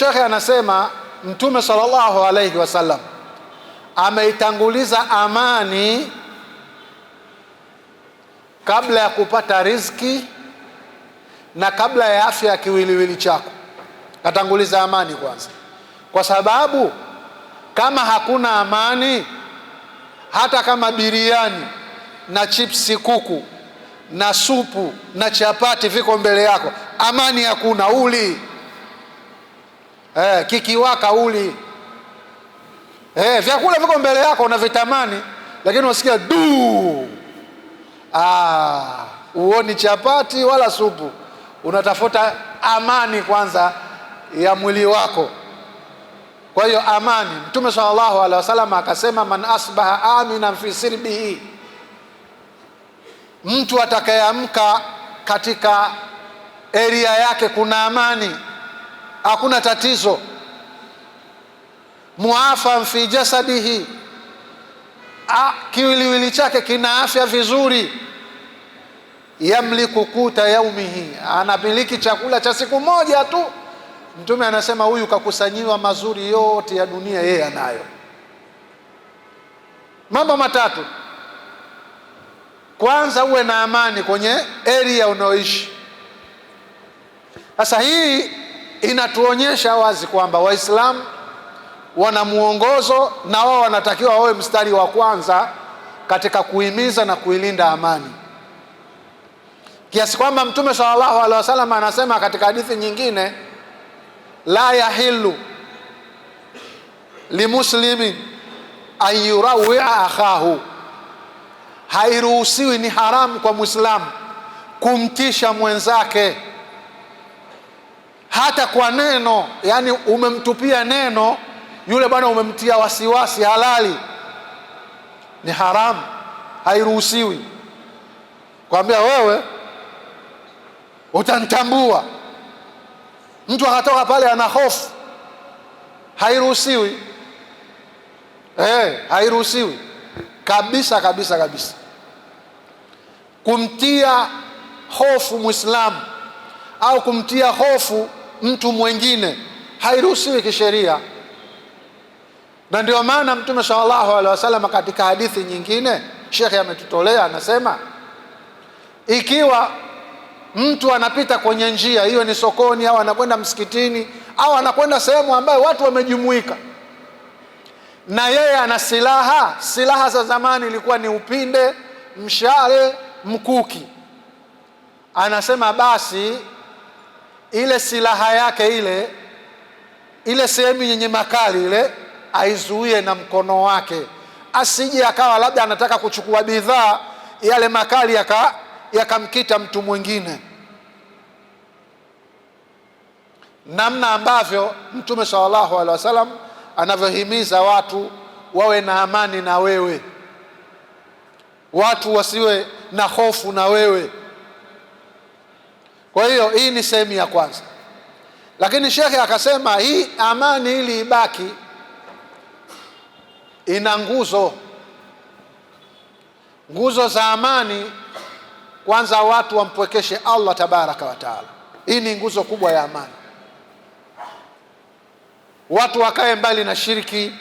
shekhe anasema Mtume sallallahu alayhi wasallam ameitanguliza amani kabla ya kupata riziki na kabla ya afya ya kiwiliwili chako, katanguliza amani kwanza, kwa sababu kama hakuna amani, hata kama biriani na chipsi kuku na supu na chapati viko mbele yako, amani hakuna uli eh, kikiwaka uli eh, vyakula viko mbele yako unavitamani, lakini unasikia du, ah, uoni chapati wala supu, unatafuta amani kwanza ya mwili wako. Kwa hiyo amani, Mtume sallallahu alaihi wasallam akasema, man asbaha amina fi sirbihi, mtu atakayeamka katika eria yake kuna amani hakuna tatizo. muafa fi jasadihi, kiwiliwili chake kina afya vizuri. Yamliku kuta yaumihi, anamiliki chakula cha siku moja tu. Mtume anasema huyu kakusanyiwa mazuri yote ya dunia, yeye anayo. Mambo matatu, kwanza uwe na amani kwenye area unaoishi. Sasa hii inatuonyesha wazi kwamba Waislamu wana mwongozo na wao wanatakiwa wawe mstari wa kwanza katika kuhimiza na kuilinda amani, kiasi kwamba Mtume sallallahu alaihi wasallam anasema katika hadithi nyingine, la yahilu limuslimin an akhahu, hairuhusiwi, ni haramu kwa mwislamu kumtisha mwenzake hata kwa neno, yani umemtupia neno yule bwana, umemtia wasiwasi halali, ni haramu, hairuhusiwi kwambia wewe utanitambua. Mtu akatoka pale ana hofu, hairuhusiwi eh, hairuhusiwi kabisa kabisa kabisa kumtia hofu Muislamu au kumtia hofu mtu mwingine, hairuhusiwi kisheria. Na ndio maana Mtume sallallahu alaihi wasallam katika hadithi nyingine shekhe ametutolea anasema, ikiwa mtu anapita kwenye njia hiyo, ni sokoni au anakwenda msikitini au anakwenda sehemu ambayo watu wamejumuika, na yeye ana silaha. Silaha za zamani ilikuwa ni upinde, mshale, mkuki. Anasema basi ile silaha yake ile ile sehemu yenye makali ile aizuie na mkono wake, asije akawa labda anataka kuchukua bidhaa yale makali yakamkita yaka mtu mwingine, namna ambavyo Mtume sallallahu alaihi wasallam anavyohimiza watu wawe na amani na wewe, watu wasiwe na hofu na wewe kwa hiyo hii ni sehemu ya kwanza, lakini shekhe akasema hii amani ili ibaki ina nguzo. Nguzo za amani, kwanza watu wampwekeshe Allah tabaraka wa taala. Hii ni nguzo kubwa ya amani. Watu wakae mbali na shiriki,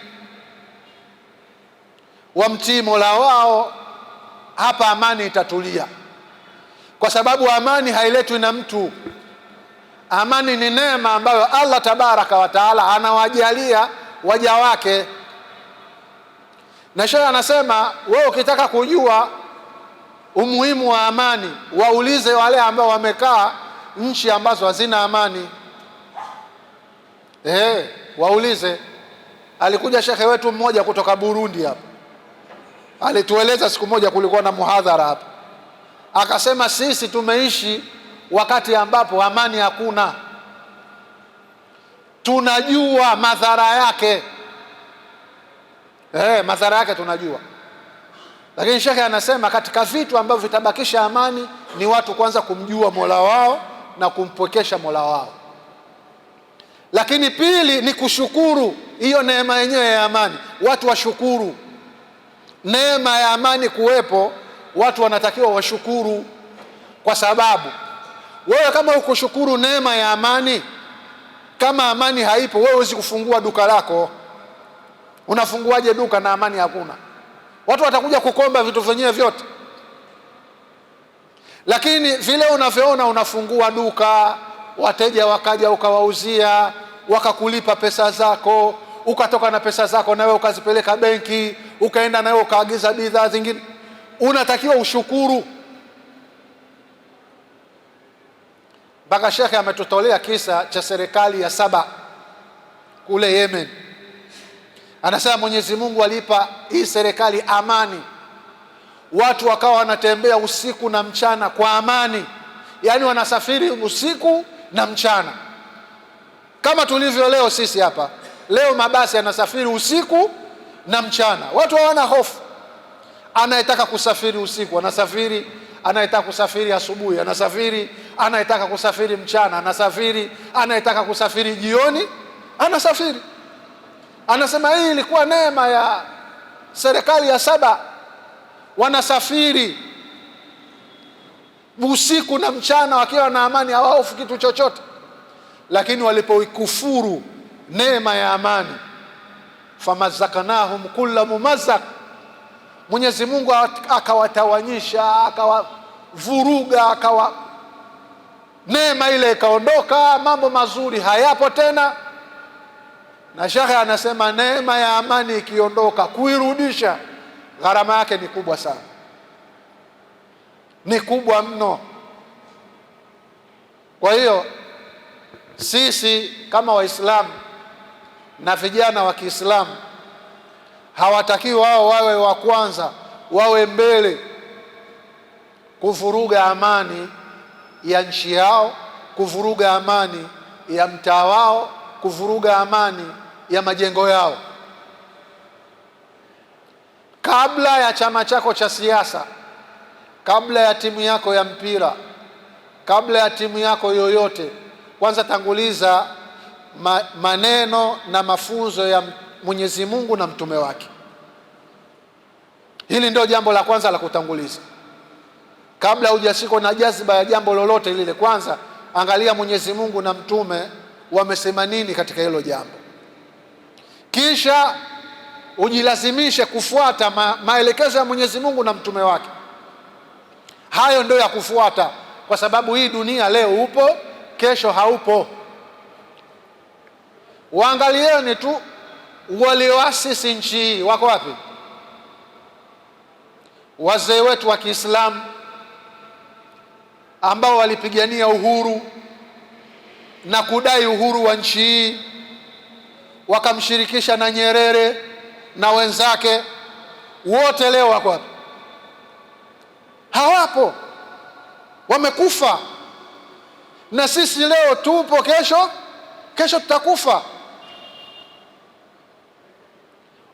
wamtii mola wao, hapa amani itatulia kwa sababu amani hailetwi na mtu. Amani ni neema ambayo Allah tabaraka wa taala anawajalia waja wake, na shehe anasema wewe ukitaka kujua umuhimu wa amani, waulize wale ambao wamekaa nchi ambazo hazina amani. Eh, waulize. Alikuja shekhe wetu mmoja kutoka Burundi hapa, alitueleza siku moja, kulikuwa na muhadhara hapa Akasema sisi tumeishi wakati ambapo amani hakuna, tunajua madhara yake eh, madhara yake tunajua. Lakini shekhe anasema katika vitu ambavyo vitabakisha amani ni watu kwanza kumjua mola wao na kumpwekesha mola wao, lakini pili ni kushukuru hiyo neema yenyewe ya amani. Watu washukuru neema ya amani kuwepo watu wanatakiwa washukuru, kwa sababu wewe kama ukushukuru neema ya amani, kama amani haipo, wewe huwezi kufungua duka lako. Unafunguaje duka na amani hakuna? Watu watakuja kukomba vitu vyenyewe vyote, lakini vile unavyoona unafungua duka, wateja wakaja ukawauzia, wakakulipa pesa zako, ukatoka na pesa zako, wewe ukazipeleka benki, ukaenda wewe ukaagiza bidhaa zingine unatakiwa ushukuru. Mpaka shekhe ametutolea kisa cha serikali ya saba kule Yemen, anasema Mwenyezi Mungu alipa hii serikali amani, watu wakawa wanatembea usiku na mchana kwa amani, yaani wanasafiri usiku na mchana kama tulivyo leo sisi hapa. Leo mabasi yanasafiri usiku na mchana, watu hawana hofu. Anayetaka kusafiri usiku anasafiri, anayetaka kusafiri asubuhi anasafiri, anayetaka kusafiri mchana anasafiri, anayetaka kusafiri jioni anasafiri. Anasema hii ilikuwa neema ya serikali ya saba, wanasafiri usiku na mchana wakiwa na amani, hawahofu kitu chochote. Lakini walipoikufuru neema ya amani, famazakanahum kulla mumazak Mwenyezi Mungu akawatawanyisha, akawavuruga, akawa neema ile ikaondoka, mambo mazuri hayapo tena. Na shekhe anasema neema ya amani ikiondoka, kuirudisha gharama yake ni kubwa sana, ni kubwa mno. Kwa hiyo sisi kama Waislamu na vijana wa Kiislamu hawatakiwi wao wawe wa kwanza, wawe mbele kuvuruga amani ya nchi yao, kuvuruga amani ya mtaa wao, kuvuruga amani ya majengo yao. Kabla ya chama chako cha siasa, kabla ya timu yako ya mpira, kabla ya timu yako yoyote, kwanza tanguliza maneno na mafunzo ya Mwenyezi Mungu na mtume wake. Hili ndio jambo la kwanza la kutanguliza. Kabla hujashikwa na jazba ya jambo lolote lile, kwanza angalia Mwenyezi Mungu na mtume wamesema nini katika hilo jambo, kisha ujilazimishe kufuata ma maelekezo ya Mwenyezi Mungu na mtume wake. Hayo ndio ya kufuata, kwa sababu hii dunia leo upo, kesho haupo. Waangalieni tu walioasisi nchi hii wako wapi? Wazee wetu wa Kiislamu ambao walipigania uhuru na kudai uhuru wa nchi hii, wakamshirikisha na Nyerere na wenzake wote, leo wako wapi? Hawapo, wamekufa. Na sisi leo tupo, kesho kesho tutakufa.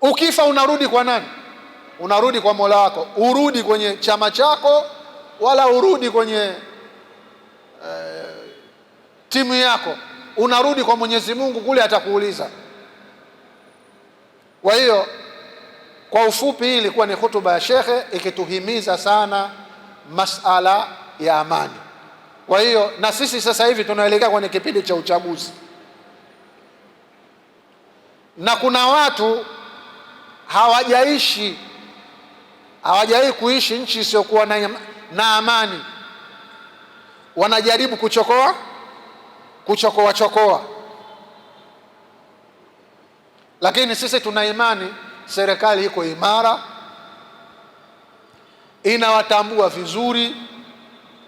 Ukifa unarudi kwa nani? Unarudi kwa Mola wako, urudi kwenye chama chako, wala urudi kwenye eh, timu yako, unarudi kwa Mwenyezi Mungu, kule atakuuliza. Kwa hiyo kwa ufupi, hii ilikuwa ni hutuba ya shekhe ikituhimiza sana masala ya amani. Kwa hiyo na sisi sasa hivi tunaelekea kwenye kipindi cha uchaguzi na kuna watu hawajaishi hawajawahi kuishi nchi isiyokuwa na, na amani. Wanajaribu kuchokoa kuchokoa chokoa, lakini sisi tuna imani serikali iko imara, inawatambua vizuri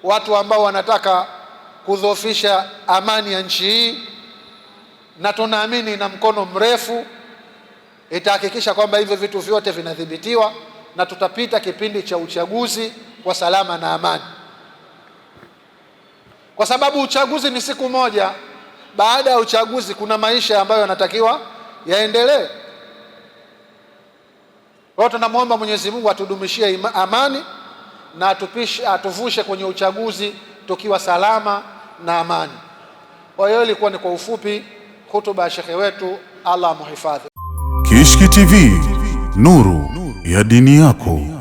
watu ambao wanataka kudhoofisha amani ya nchi hii, na tunaamini ina mkono mrefu itahakikisha kwamba hivyo vitu vyote vinadhibitiwa na tutapita kipindi cha uchaguzi kwa salama na amani, kwa sababu uchaguzi ni siku moja. Baada ya uchaguzi kuna maisha ambayo yanatakiwa yaendelee. Kwa hiyo tunamwomba Mwenyezi Mungu atudumishie amani na atupishe, atuvushe kwenye uchaguzi tukiwa salama na amani. Kwa hiyo ilikuwa ni kwa ufupi hutuba ya shekhe wetu, Allah muhifadhi Kishki TV, nuru ya dini yako.